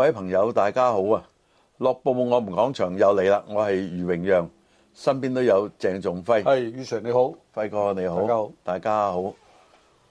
各位朋友，大家好啊！樂報我們講場又嚟啦！我係余榮讓，身邊都有鄭仲輝。係，余 Sir 你好，輝哥你好，大家好，大家好。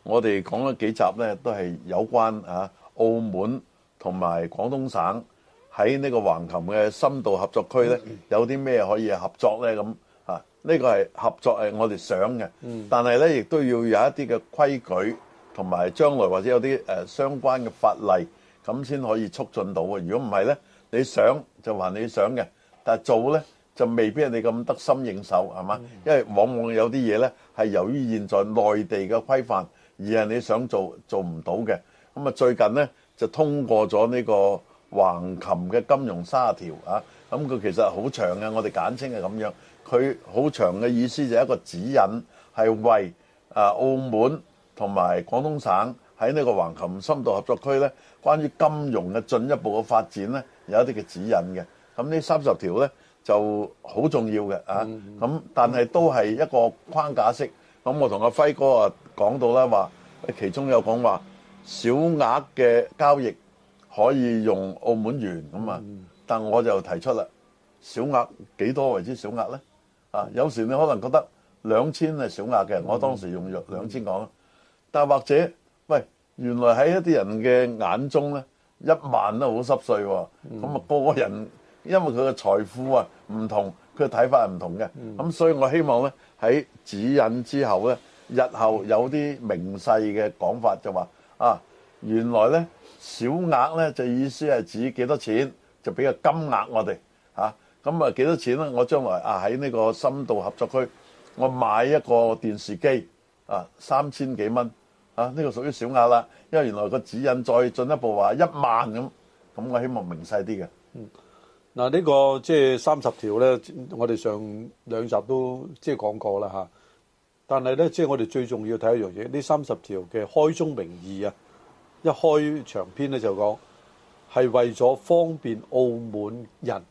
我哋講咗幾集呢，都係有關啊澳門同埋廣東省喺呢個橫琴嘅深度合作區呢，嗯、有啲咩可以合作呢？咁啊，呢、這個係合作係我哋想嘅、嗯，但係呢亦都要有一啲嘅規矩，同埋將來或者有啲誒、呃、相關嘅法例。咁先可以促進到啊！如果唔係呢，你想就話你想嘅，但係做呢就未必係你咁得心應手係嘛？嗯、因為往往有啲嘢呢係由於現在內地嘅規範，而係你想做做唔到嘅。咁啊最近呢，就通過咗呢個橫琴嘅金融30條啊，咁佢其實好長嘅，我哋簡稱係咁樣，佢好長嘅意思就係一個指引，係為澳門同埋廣東省。喺呢個橫琴深度合作區呢，關於金融嘅進一步嘅發展呢，有一啲嘅指引嘅。咁呢三十條呢就好重要嘅啊。咁但係都係一個框架式。咁我同阿輝哥啊講到啦，話其中有講話小額嘅交易可以用澳門元咁啊，但我就提出啦，小額幾多為之小額呢？啊，有時你可能覺得兩千係小額嘅，我當時用咗兩千港元，但或者。原來喺一啲人嘅眼中呢，一萬都好濕碎喎。咁啊，個個人因為佢嘅財富啊唔同，佢睇法係唔同嘅。咁所以我希望呢，喺指引之後呢，日後有啲明細嘅講法就話啊，原來呢，小額呢，就意思係指幾多錢就畀個金額我哋吓，咁啊，幾多錢呢？我將來啊喺呢個深度合作區，我買一個電視機啊三千幾蚊。啊！呢個屬於小額啦，因為原來個指引再進一步話一萬咁，咁我希望明細啲嘅。嗯，嗱呢個即係三十條呢，我哋上兩集都即係講過啦嚇、啊。但係呢，即係我哋最重要睇一樣嘢，呢三十條嘅開宗明義啊，一開長篇咧就講係為咗方便澳門人，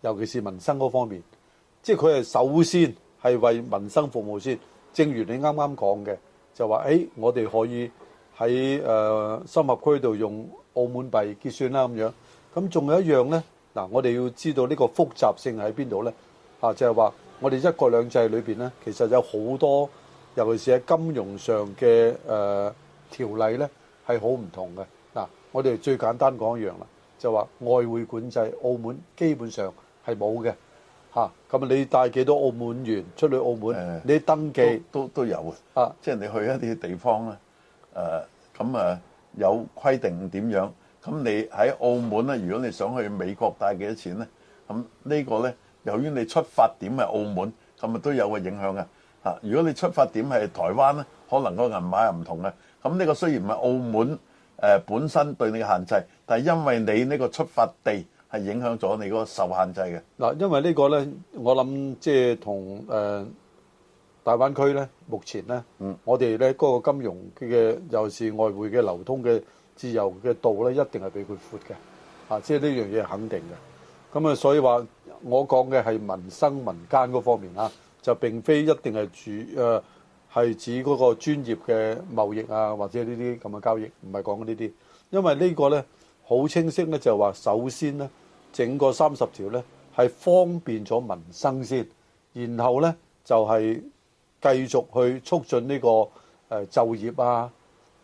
尤其是民生嗰方面，即係佢係首先係為民生服務先。正如你啱啱講嘅。就話誒，我哋可以喺誒深合區度用澳門幣結算啦咁樣。咁仲有一樣呢，嗱我哋要知道呢個複雜性喺邊度呢？啊，就係話我哋一國兩制裏面呢，其實有好多，尤其是喺金融上嘅誒條例呢，係好唔同嘅。嗱，我哋最簡單講一樣啦，就話外匯管制，澳門基本上係冇嘅。咁啊，你帶幾多澳門元出去澳門？你登記都都有啊。即係你去一啲地方咧，誒咁啊有規定點樣？咁你喺澳門咧，如果你想去美國帶幾多錢咧？咁呢個咧，由於你出發點係澳門，咁啊都有個影響嘅吓。如果你出發點係台灣咧，可能個銀碼又唔同嘅。咁呢個雖然唔係澳門誒本身對你嘅限制，但係因為你呢個出發地。係影響咗你嗰個受限制嘅嗱，因為呢個呢，我諗即係同誒大灣區呢，目前呢，嗯、我哋呢嗰、嗰個金融嘅又是外匯嘅流通嘅自由嘅度呢，一定係比佢闊嘅，啊，即係呢樣嘢肯定嘅。咁啊，所以話我講嘅係民生民間嗰方面啊，就並非一定係主誒係、呃、指嗰個專業嘅貿易啊，或者呢啲咁嘅交易，唔係講呢啲，因為呢個呢。好清晰咧，就話首先咧，整個三十條咧係方便咗民生先，然後咧就係繼續去促進呢個誒就業啊，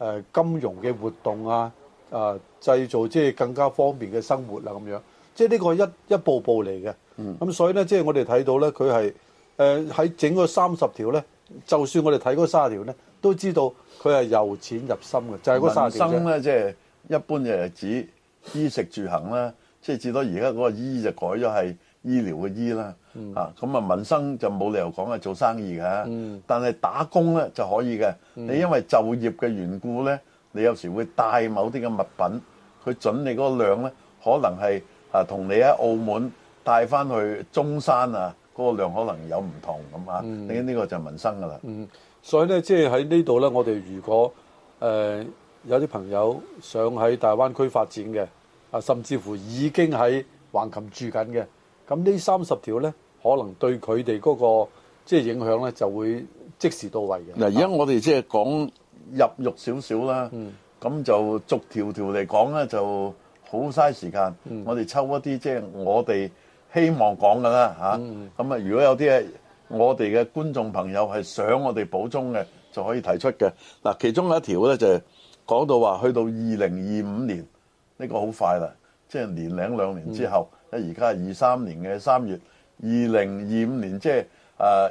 誒金融嘅活動啊，啊製造即係更加方便嘅生活啦咁樣，即係呢個一一步步嚟嘅。嗯，咁所以咧，即係我哋睇到咧，佢係誒喺整個三十條咧，就算我哋睇嗰三十條咧，都知道佢係由淺入深嘅，就係嗰三十條啫。民生咧，即係一般嘅日子。衣食住行啦，即係至多而家嗰個醫就改咗係醫療嘅醫啦、嗯，啊咁啊民生就冇理由講係做生意㗎、嗯，但係打工咧就可以嘅、嗯。你因為就業嘅緣故咧，你有時會帶某啲嘅物品，佢准你嗰個量咧，可能係啊同你喺澳門帶翻去中山啊嗰、嗰個量可能有唔同咁啊。咁呢個就係民生噶啦。嗯，所以咧即係喺呢度咧，我哋如果誒。呃有啲朋友想喺大灣區發展嘅啊，甚至乎已經喺橫琴住緊嘅。咁呢三十條呢，可能對佢哋嗰個即係、就是、影響呢，就會即時到位嘅嗱。而家我哋即係講入肉少少啦，咁、嗯、就逐條條嚟講呢，就好嘥時間。嗯、我哋抽一啲即係我哋希望講㗎啦嚇。咁、嗯嗯、啊，如果有啲我哋嘅觀眾朋友係想我哋補充嘅，就可以提出嘅嗱。其中一條呢，就係、是。講到話去到二零二五年，呢個好快啦，即係年零兩年之後，而家二三年嘅三月，二零二五年即係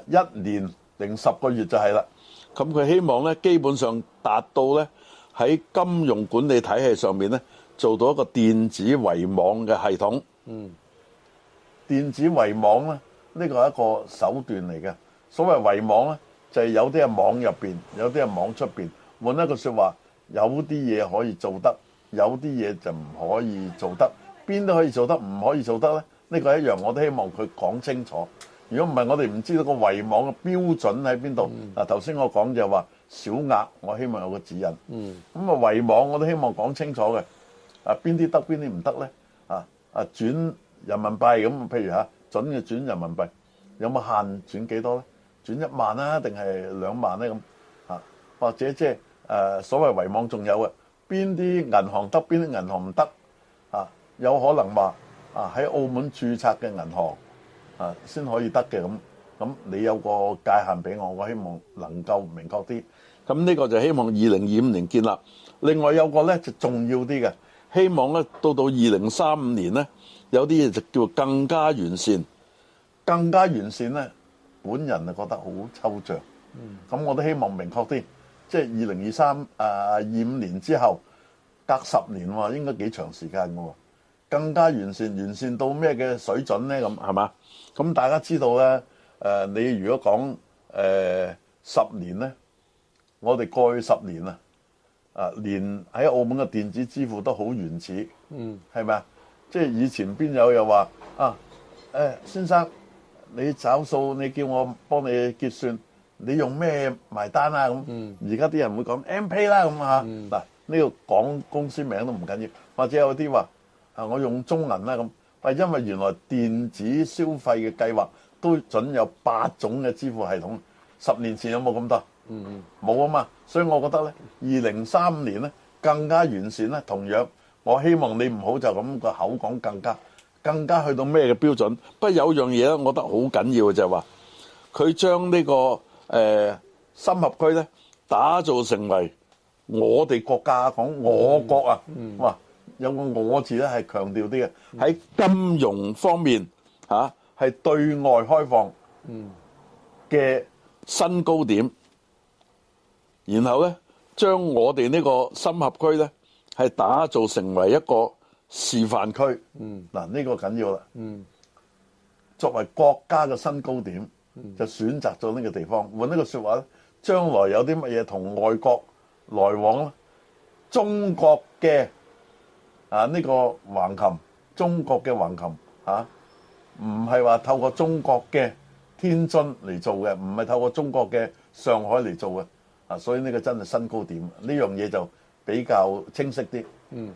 誒一年零十個月就係啦。咁佢希望呢，基本上達到呢，喺金融管理體系上面呢，做到一個電子圍網嘅系統。嗯，電子圍網呢，呢個係一個手段嚟嘅。所謂圍網呢，就係有啲係網入邊，有啲係網出邊。換一個說話。有啲嘢可以做得，有啲嘢就唔可以做得。邊都可以做得，唔可以做得呢？呢、呢個一樣我都希望佢講清楚。如果唔係，我哋唔知道個圍網嘅標準喺邊度。頭、嗯、先我講就話小額，我希望有個指引。咁、嗯、啊，圍網我都希望講清楚嘅。啊，邊啲得，邊啲唔得呢？啊啊，轉人民幣咁，譬如嚇、啊，準嘅轉人民幣，有冇限轉幾多呢？轉一萬啊，定係兩萬呢、啊、咁？或者即係。即係誒所謂遺網的，仲有嘅，邊啲銀行,行得，邊啲銀行唔得啊？有可能話啊喺澳門註冊嘅銀行啊，先可以得嘅咁。咁你有個界限俾我，我希望能夠明確啲。咁呢個就希望二零二五年建立。另外有個呢，就重要啲嘅，希望呢，到到二零三五年呢，有啲嘢就叫更加完善，更加完善呢，本人就覺得好抽象。咁我都希望明確啲。即係二零二三啊，二五年之後，隔十年喎，應該幾長時間喎？更加完善，完善到咩嘅水準咧？咁係嘛？咁大家知道咧，誒、呃，你如果講誒十年咧，我哋過去十年啊，啊、呃，連喺澳門嘅電子支付都好原始，嗯，係咪啊？即係以前邊有又話啊，誒，先生，你找數，你叫我幫你結算。你用咩埋單啊？咁而家啲人會講 MPay 啦，咁、嗯、啊嗱呢、呢個講公司名都唔緊要，或者有啲話啊，我用中銀啦、啊、咁。但係因為原來電子消費嘅計劃都準有八種嘅支付系統，十年前有冇咁多？嗯嗯，冇啊嘛，所以我覺得咧，二零三年咧更加完善咧。同樣，我希望你唔好就咁個口講，更加更加去到咩嘅標準？不過有樣嘢咧，我覺得好緊要嘅就係、是、話，佢將呢、呢個。誒、呃，深合區咧，打造成為我哋國家講、嗯、我國啊、嗯，哇，有個我字咧係強調啲嘅。喺、嗯、金融方面吓，係、啊、對外開放嗯嘅新高點。然後咧，將我哋呢個深合區咧，係打造成為一個示範區。嗯，嗱、啊，呢、這個緊要啦。嗯，作為國家嘅新高點。就選擇咗呢個地方，換一個説話咧，將來有啲乜嘢同外國來往咧？中國嘅啊呢個橫琴，中國嘅橫琴嚇，唔係話透過中國嘅天津嚟做嘅，唔係透過中國嘅上海嚟做嘅，啊，所以呢個真係新高點，呢樣嘢就比較清晰啲。嗯，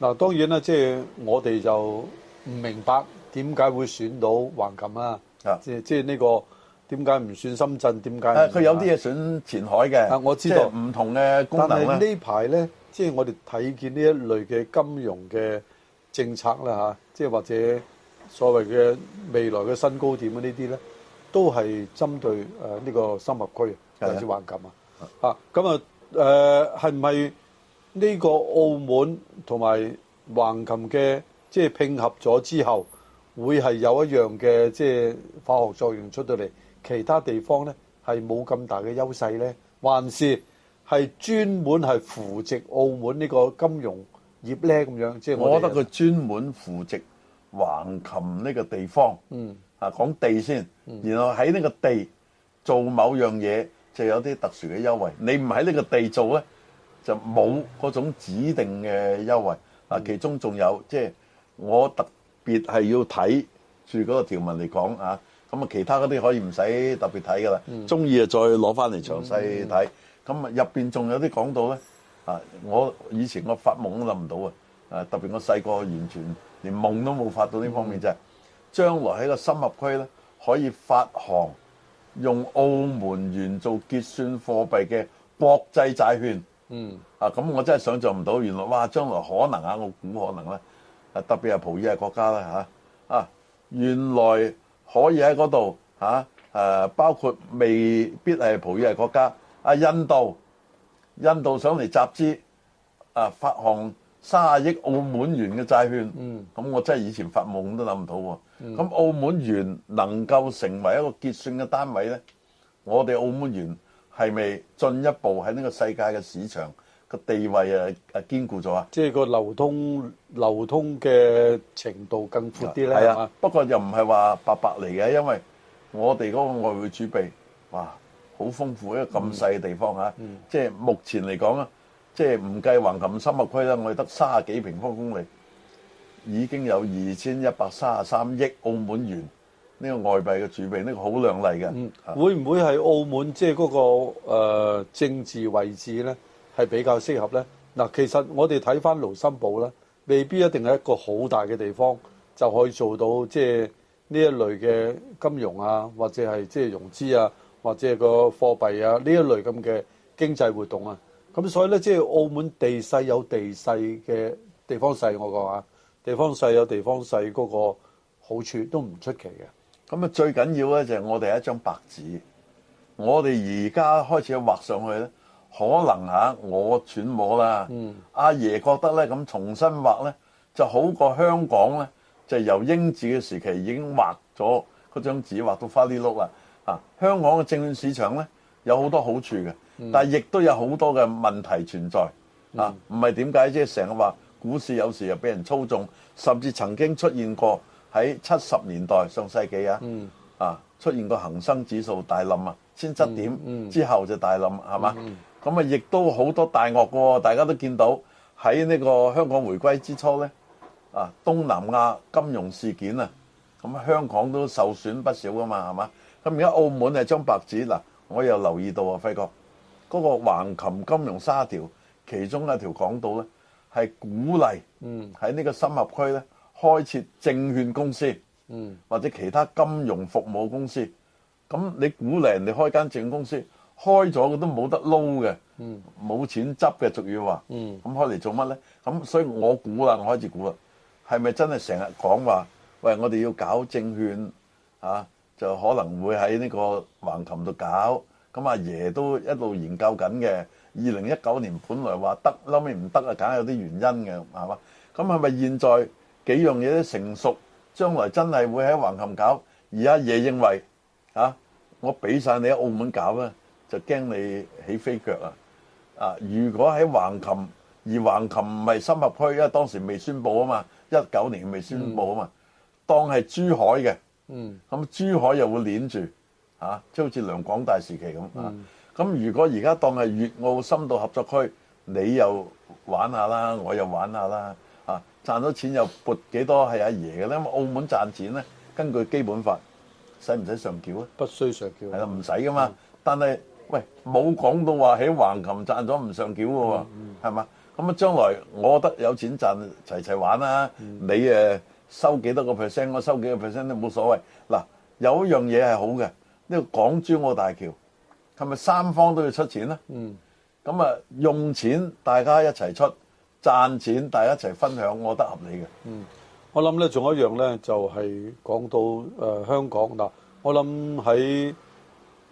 嗱，當然啦，即係我哋就唔明白點解會選到橫琴啦，啊，即即係呢個。點解唔算深圳？點解？誒，佢有啲嘢算前海嘅。啊，我知道唔同嘅功能咧。呢排咧，即係我哋睇見呢一類嘅金融嘅政策啦嚇，即係或者所謂嘅未來嘅新高點嘅呢啲咧，都係針對誒呢個深合區啊，或者橫琴啊。啊，咁啊誒，係唔係呢個澳門同埋橫琴嘅即係拼合咗之後，會係有一樣嘅即係化學作用出到嚟？其他地方呢，係冇咁大嘅優勢呢？還是係專門係扶植澳門呢個金融業呢？咁樣，即係我覺得佢專門扶植橫琴呢個地方。嗯，啊講地先，然後喺呢個地做某樣嘢，就有啲特殊嘅優惠。你唔喺呢個地做呢，就冇嗰種指定嘅優惠。啊，其中仲有即係我特別係要睇住嗰個條文嚟講啊，咁啊其他嗰啲可以唔使特別睇噶啦，鍾意啊再攞翻嚟詳細睇。咁啊入面仲有啲講到咧啊，我以前我發夢都諗唔到啊，啊特別我細個完全連夢都冇發到呢方面、嗯、就係、是、將來喺個深合區咧可以發行用澳門元做結算貨幣嘅國際債券。嗯啊咁我真係想象唔到，原來哇將來可能，可能啊，我估可能呢，啊特別係葡語系國家啦嚇啊！原來可以喺嗰度嚇，誒、啊啊、包括未必係葡語系國家。阿、啊、印度，印度想嚟集資，誒、啊、發行三十億澳門元嘅債券，咁、嗯、我真係以前發夢都諗唔到咁、啊嗯、澳門元能夠成為一個結算嘅單位呢，我哋澳門元係咪進一步喺呢個世界嘅市場？個地位啊，啊堅固咗啊！即係個流通流通嘅程度更闊啲咧，係嘛？不過又唔係話白白嚟嘅，因為我哋嗰個外匯儲備哇，好豐富，一個咁細嘅地方吓。即係目前嚟講咧，即係唔計橫琴深合區咧，我哋得三十幾平方公里，已經有二千一百三十三億澳門元呢個外幣嘅儲備，呢個好靚麗嘅。會唔會係澳門即係嗰個誒政治位置咧？係比較適合呢。嗱，其實我哋睇返盧森堡呢，未必一定係一個好大嘅地方就可以做到，即係呢一類嘅金融啊，或者係即係融資啊，或者係個貨幣啊呢一類咁嘅經濟活動啊。咁所以呢，即係澳門地勢有地勢嘅地方細，我講話，地方細有地方細嗰個好處都唔出奇嘅。咁啊，最緊要呢，就係我哋一張白紙，我哋而家開始畫上去呢可能、啊、我揣摩啦，阿、嗯啊、爺覺得咧咁重新畫咧就好過香港咧，就由英治嘅時期已經畫咗嗰張紙畫到花呢碌啦香港嘅證券市場咧有好多好處嘅、嗯，但亦都有好多嘅問題存在唔係點解即係成日話股市有時又俾人操縱，甚至曾經出現過喺七十年代上世紀啊、嗯、啊出現過恒生指數大冧啊，千七點、嗯嗯、之後就大冧係嘛？嗯咁啊，亦都好多大鱷噶，大家都見到喺呢個香港回歸之初呢啊，東南亞金融事件啊，咁香港都受損不少噶嘛，係嘛？咁而家澳門係張白紙嗱，我又留意到啊，輝哥，嗰、那個橫琴金融30條其中一條講到呢，係鼓勵喺呢個深合區呢，開設證券公司，嗯，或者其他金融服務公司，咁你鼓勵人哋開間證券公司。開咗嘅都冇得撈嘅，冇錢執嘅俗語話。咁開嚟做乜呢？咁所以我估啦，我開始估啦，係咪真係成日講話，喂，我哋要搞證券啊，就可能會喺呢個橫琴度搞。咁阿爺都一路研究緊嘅。二零一九年本來話得，嬲尾唔得啊，梗係有啲原因嘅，係嘛？咁係咪現在幾樣嘢都成熟，將來真係會喺橫琴搞？而阿爺認為啊，我俾晒你喺澳門搞啦。就驚你起飛腳啊！啊，如果喺橫琴，而橫琴唔係深合區，因為當時未宣佈啊嘛，一九年未宣佈啊嘛，當係珠海嘅，嗯，咁珠海又會攣住，嚇，即係好似梁廣大時期咁啊。咁如果而家當係粵澳深度合作區，你又玩下啦，我又玩下啦，啊，賺到錢又撥幾多係阿爺嘅咧？因為澳門賺錢咧，根據基本法，使唔使上繳啊？不需上繳。係啦，唔使噶嘛，但係。喂，冇講到話喺橫琴賺咗唔上繳嘅喎，係嘛？咁啊，將來我覺得有錢賺，齊齊玩啦。你誒收幾多個 percent，我收幾個 percent 都冇所謂。嗱，有一樣嘢係好嘅，呢個港珠澳大橋係咪三方都要出錢咧？咁啊，用錢大家一齊出，賺錢大家一齊分享，我覺得合理嘅。我諗咧，仲有一樣咧，就係講到誒香港嗱，我諗喺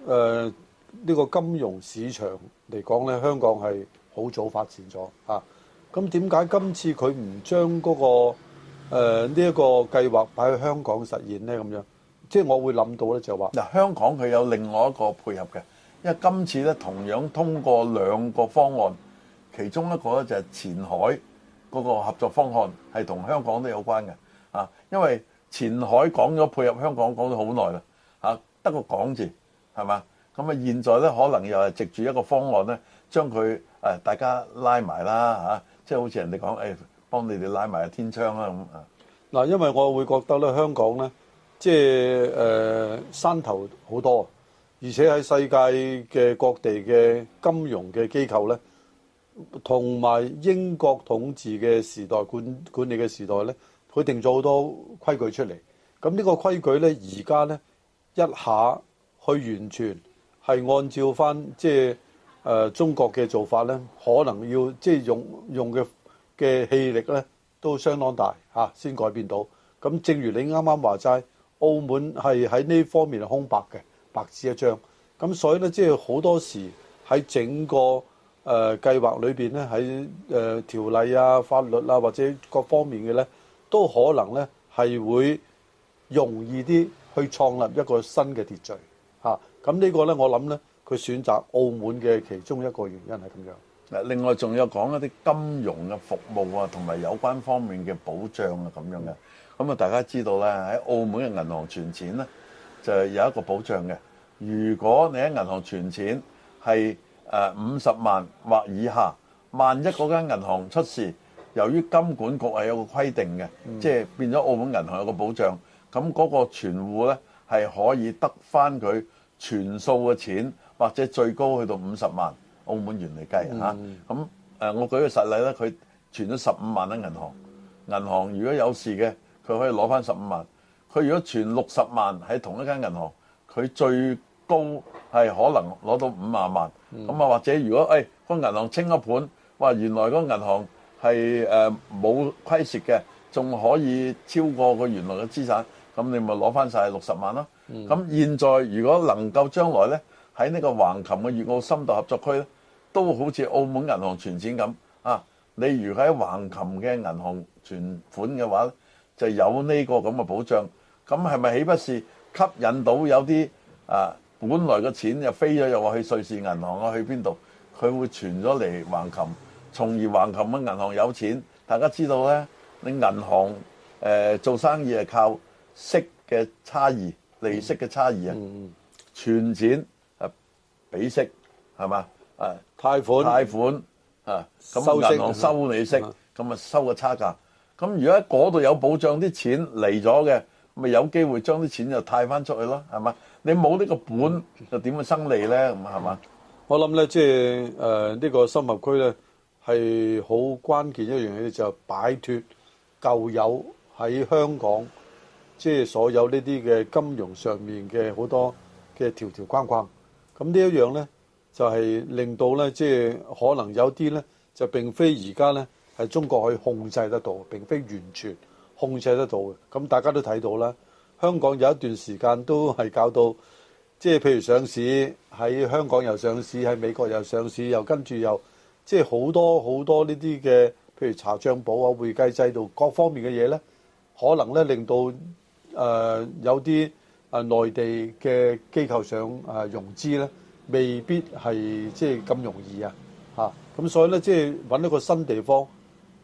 誒。呢、呢個金融市場嚟講呢，香港係好早發展咗嚇。咁點解今次佢唔將嗰個呢一、呃呢個計劃擺喺香港實現呢？咁樣即係我會諗到呢，就話嗱，香港佢有另外一個配合嘅，因為今次呢，同樣通過兩個方案，其中一個呢，就係前海嗰個合作方案係同香港都有關嘅啊。因為前海講咗配合香港講咗好耐啦，嚇、啊、得個講字係嘛？是咁啊，現在咧可能又係藉住一個方案咧，將、哎、佢大家拉埋啦即係好似人哋講誒，幫你哋拉埋天窗啦。咁啊。嗱，因為我會覺得咧，香港咧，即係誒山頭好多，而且喺世界嘅各地嘅金融嘅機構咧，同埋英國統治嘅時代管管理嘅時代咧，佢定咗好多規矩出嚟。咁呢個規矩咧，而家咧一下去完全。係按照翻即係誒中國嘅做法呢，可能要即係用用嘅嘅氣力呢都相當大嚇，先改變到。咁正如你啱啱話齋，澳門係喺呢方面空白嘅，白紙一張。咁所以呢，即係好多時喺整個誒計劃裏邊呢，喺誒條例啊、法律啊或者各方面嘅呢，都可能呢係會容易啲去創立一個新嘅秩序。咁呢個咧，我諗咧，佢選擇澳門嘅其中一個原因係咁樣。誒，另外仲有講一啲金融嘅服務啊，同埋有關方面嘅保障啊，咁樣嘅。咁啊，大家知道咧，喺澳門嘅銀行存錢咧，就係有一個保障嘅。如果你喺銀行存錢係誒五十萬或以下，萬一嗰間銀行出事，由於金管局係有個規定嘅，即係變咗澳門銀行有個保障，咁嗰個存戶咧係可以得返佢存數嘅錢，或者最高去到五十萬澳門元嚟計吓，咁誒我舉個實例啦，佢存咗十五萬喺銀行，銀行如果有事嘅，佢可以攞翻十五萬。佢如果存六十萬喺同一間銀行，佢最高係可能攞到五十萬。咁啊，或者如果嗰個、哎、銀行清一盤，哇，原來個銀行係冇虧蝕嘅，仲可以超過個原來嘅資產，咁你咪攞翻晒六十萬咯。咁、嗯、現在如果能夠將來呢喺呢個橫琴嘅粵澳深度合作區呢都好似澳門銀行存錢咁啊！你如果喺橫琴嘅銀行存款嘅話呢就有呢個咁嘅保障。咁係咪豈不是吸引到有啲啊？本來嘅錢又飛咗，又話去瑞士銀行啊，又去邊度？佢會存咗嚟橫琴，從而橫琴嘅銀行有錢。大家知道呢，你銀行誒、呃、做生意係靠息嘅差異。利息嘅差異啊，存錢啊，俾息係嘛啊？貸款貸款啊，咁銀行收利息，咁咪收個差價。咁如果嗰度有保障的的，啲錢嚟咗嘅，咪有機會將啲錢就貸翻出去咯，係嘛？你冇呢個本，就點去生利咧？咁係嘛？我諗咧，即係誒呢個深合區咧，係好關鍵的一樣嘢咧，就係、擺脫舊有喺香港。即係所有呢啲嘅金融上面嘅好多嘅條條框框，咁呢一樣咧就係令到咧，即係可能有啲咧就並非而家咧係中國可以控制得到，並非完全控制得到嘅。咁大家都睇到啦，香港有一段時間都係搞到，即係譬如上市喺香港又上市，喺美國又上市，又跟住又即係好多好多呢啲嘅，譬如查帳簿啊、會計制度各方面嘅嘢咧，可能咧令到。誒、呃、有啲誒、呃、內地嘅機構想誒、呃、融資咧，未必係即係咁容易啊！嚇、啊、咁，所以咧即係揾一個新地方，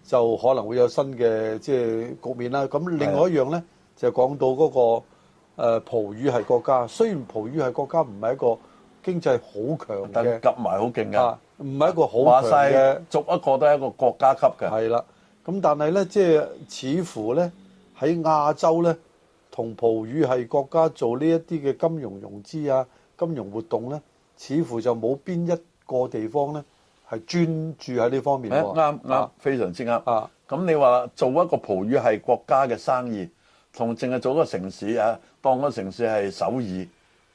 就可能會有新嘅即係局面啦。咁另外一樣咧，就講到嗰、那個誒葡、呃、語系國家。雖然葡語系國家唔係一個經濟好強嘅，夾埋好勁嘅，唔係、啊、一個好話曬嘅，逐一個都係一個國家級嘅。係啦，咁、嗯、但係咧，即係似乎咧喺亞洲咧。同葡語系國家做呢一啲嘅金融融資啊、金融活動呢，似乎就冇邊一個地方呢係專注喺呢方面喎、啊啊。啱、啊、啱、啊，非常之啱、啊。啊，咁你話做一個葡語系國家嘅生意，同淨係做一個城市啊，當嗰個城市係首爾，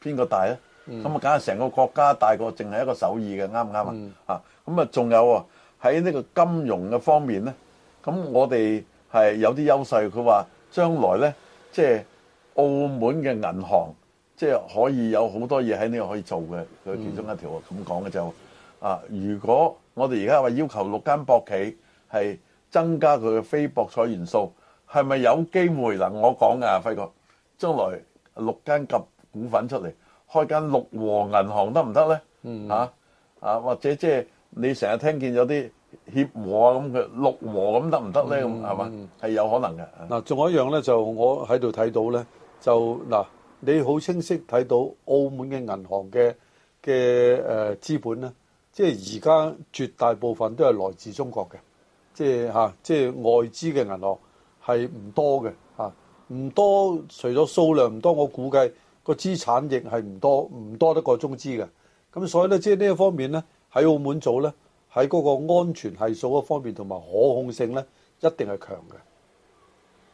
邊個大啊？咁、嗯、啊，梗係成個國家大過淨係一個首爾嘅，啱唔啱啊？啊，咁啊，仲有喎，喺呢個金融嘅方面呢，咁我哋係有啲優勢。佢話將來呢，即係。澳門嘅銀行即係可以有好多嘢喺呢度可以做嘅，佢其中一條咁講嘅就是、啊，如果我哋而家話要求六間博企係增加佢嘅非博彩元素，係咪有機會？能我講㗎輝哥，將來六間夾股份出嚟開間六和銀行得唔得咧？嚇啊，或者即係你成日聽見有啲協和啊咁嘅六和咁得唔得咧？咁係嘛係有可能嘅。嗱、嗯，仲、嗯嗯嗯、有一樣咧，就我喺度睇到咧。就嗱，你好清晰睇到澳門嘅銀行嘅嘅誒資本咧，即係而家絕大部分都係來自中國嘅，即係嚇、啊，即係外資嘅銀行係唔多嘅嚇，唔、啊、多，除咗數量唔多，我估計個資產亦係唔多，唔多得過中資嘅。咁所以咧，即係呢一方面咧，喺澳門做咧，喺嗰個安全係數嗰方面同埋可控性咧，一定係強嘅。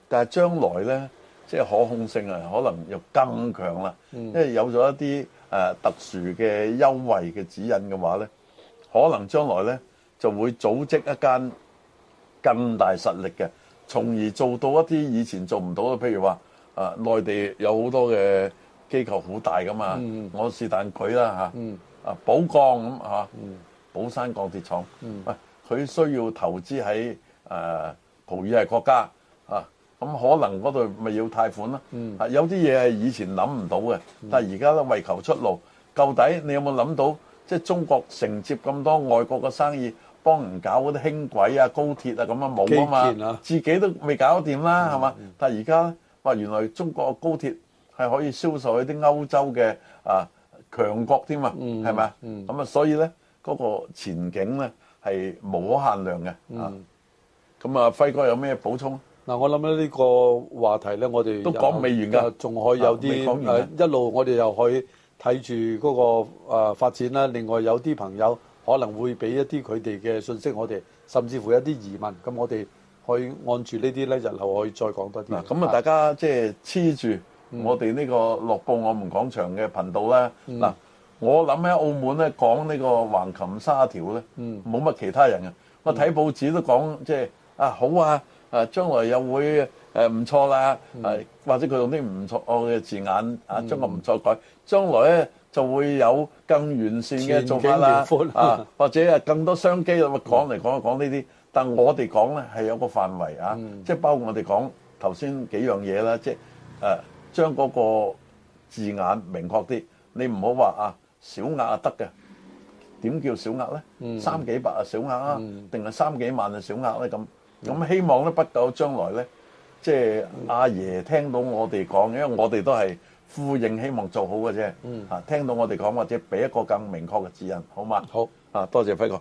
但係將來咧，即係可控性啊，可能又更強啦，因為有咗一啲誒特殊嘅優惠嘅指引嘅話咧，可能將來咧就會組織一間更大實力嘅，從而做到一啲以前做唔到咯。譬如話，誒內地有好多嘅機構好大噶嘛，我是但佢啦嚇，啊寶鋼咁嚇，寶山鋼鐵廠，喂，佢需要投資喺誒，葡語系國家。咁可能嗰度咪要貸款囉。啊，有啲嘢係以前諗唔到嘅，但係而家都為求出路，究竟你有冇諗到？即係中國承接咁多外國嘅生意，幫人搞嗰啲輕軌啊、高鐵啊咁樣冇啊嘛，自己都未搞掂啦，係嘛？但係而家哇，原來中國高鐵係可以銷售一啲歐洲嘅啊強國添嘛，係咪啊？咁啊，所以咧嗰個前景咧係無可限量嘅啊。咁啊，輝哥有咩補充？嗱，我諗咧呢個話題咧，我哋都講未完㗎，仲可以有啲講完一路，我哋又可以睇住嗰個誒發展啦。另外有啲朋友可能會俾一啲佢哋嘅信息，我哋甚至乎一啲疑問，咁我哋可以按住呢啲咧，日後可以再講多啲。嗱，咁啊，啊啊大家即係黐住我哋呢個樂報我們講場嘅頻道啦。嗱、嗯啊，我諗喺澳門咧講呢個橫琴沙條咧，冇、嗯、乜其他人嘅。我睇報紙都講即係、就是、啊，好啊！啊，將來又會誒唔錯啦，誒或者佢用啲唔錯嘅字眼，將個唔錯改。將來咧就會有更完善嘅做法啦，啊或者啊更多商機。咁講嚟講去講呢啲，但係我哋講咧係有個範圍啊，即係包括我哋講頭先幾樣嘢啦，即係誒將嗰個字眼明確啲。你唔好話啊小額得嘅，點叫小額咧？三幾百啊小額啊，定係三幾萬啊小額咧咁？咁希望咧，不久將來咧，即係阿爺聽到我哋講，因為我哋都係呼應希望做好嘅啫。嚇，聽到我哋講或者俾一個更明確嘅指引，好嗎？好，啊，多謝輝哥。